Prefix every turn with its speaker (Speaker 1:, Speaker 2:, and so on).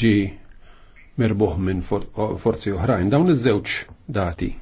Speaker 1: ġi mirbuħ minn forzi oħrajn. Dawn iż-żewġ dati